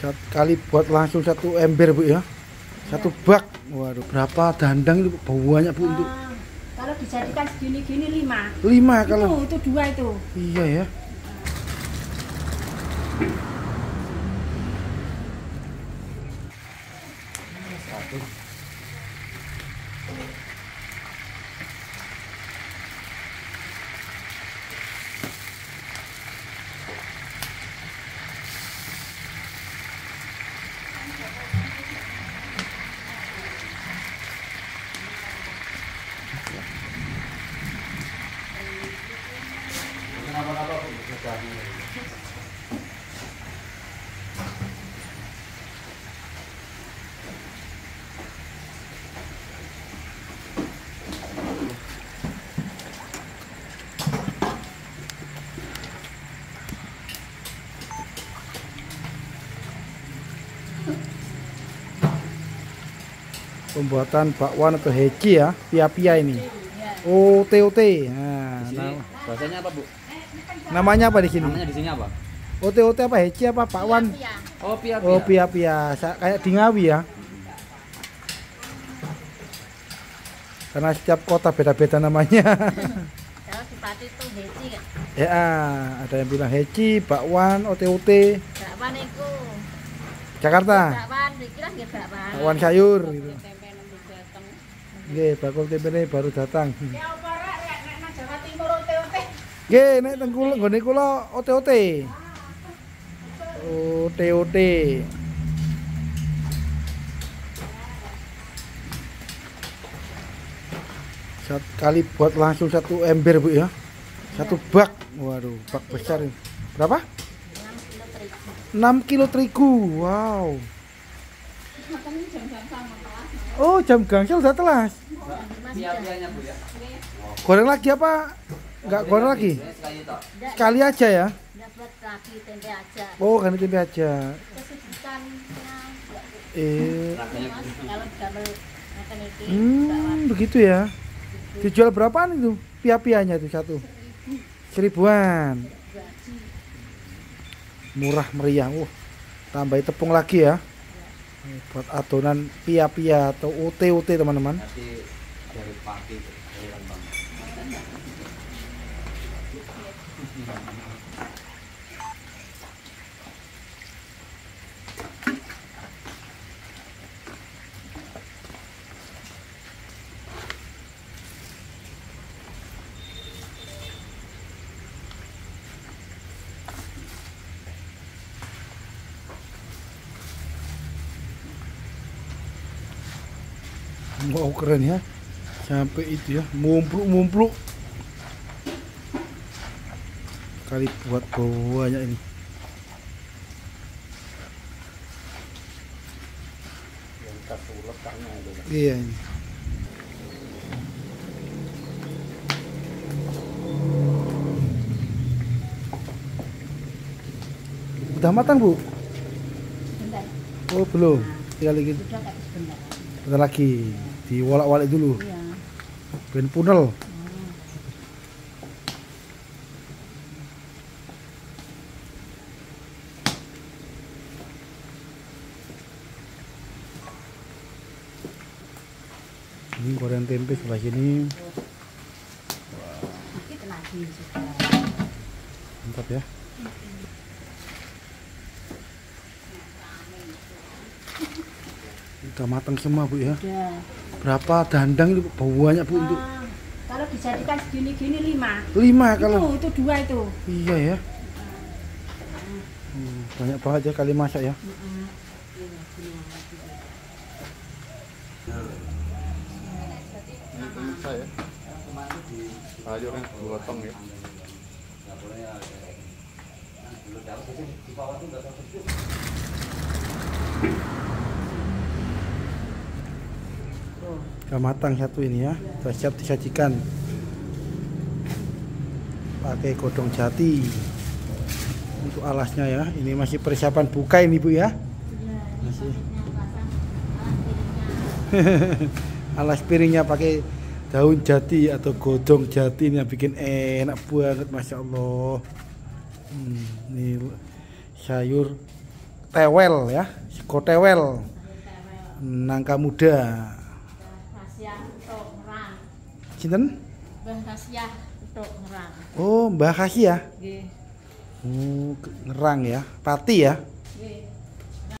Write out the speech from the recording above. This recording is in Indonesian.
satu kali buat langsung satu ember bu ya satu iya. bak waduh berapa dandang itu banyak bu ah, untuk ah, kalau dijadikan segini-gini lima lima kalau itu, itu dua itu iya ya satu pembuatan bakwan atau heci ya pia-pia ini OTOT nah, bahasanya apa bu namanya apa di sini namanya di sini apa OTOT apa heci apa bakwan oh pia-pia oh pia-pia kayak di Ngawi ya karena setiap kota beda-beda namanya Ya, ah, ada yang bilang heci, bakwan, OTOT. Jakarta. Bakwan, Bakwan sayur gitu. Nggih, bakul tempene baru datang. Ya apa rek nek nang Jawa Timur ote-ote. Nggih, nek teng kula nggone kula ote-ote. Ote-ote. Satu kali buat langsung satu ember bu ya satu iya. bak waduh bak besar ini berapa 6 kilo terigu wow Oh, jam gangsel udah telas. Goreng lagi apa? Enggak goreng lagi? Sekali aja ya. Oh, ganti tempe aja. Eh. Hmm, begitu ya. Dijual berapaan itu? Pia-pianya itu satu. Seribuan. Murah meriah. uh, tambahin tepung lagi ya buat adonan pia-pia atau ut-ut teman-teman wow keren ya sampai itu ya mumpluk-mumpluk kali buat bawahnya ini iya ini udah matang bu? Bentar. oh belum nah, tinggal lagi bentar lagi Diwalak-walik dulu. Iya. Ben punel. ini goreng tempe sebelah sini mantap ya udah matang semua bu ya berapa dandang itu banyak bu untuk ah, kalau dijadikan segini-gini lima lima itu, kalau itu dua itu iya ya hmm, banyak banget ya kali masak ya Thank ayo kan ya udah matang satu ini ya sudah siap disajikan pakai godong jati untuk alasnya ya ini masih persiapan buka ini bu ya masih alas piringnya pakai daun jati atau godong jati ini yang bikin enak banget masya allah hmm, ini sayur tewel ya sekotewel nangka muda Cinten? Mbah Kasia untuk Ngerang. Oh, Mbah Kasia. Nggih. Oh, Ngerang ya. Pati ya? Nggih.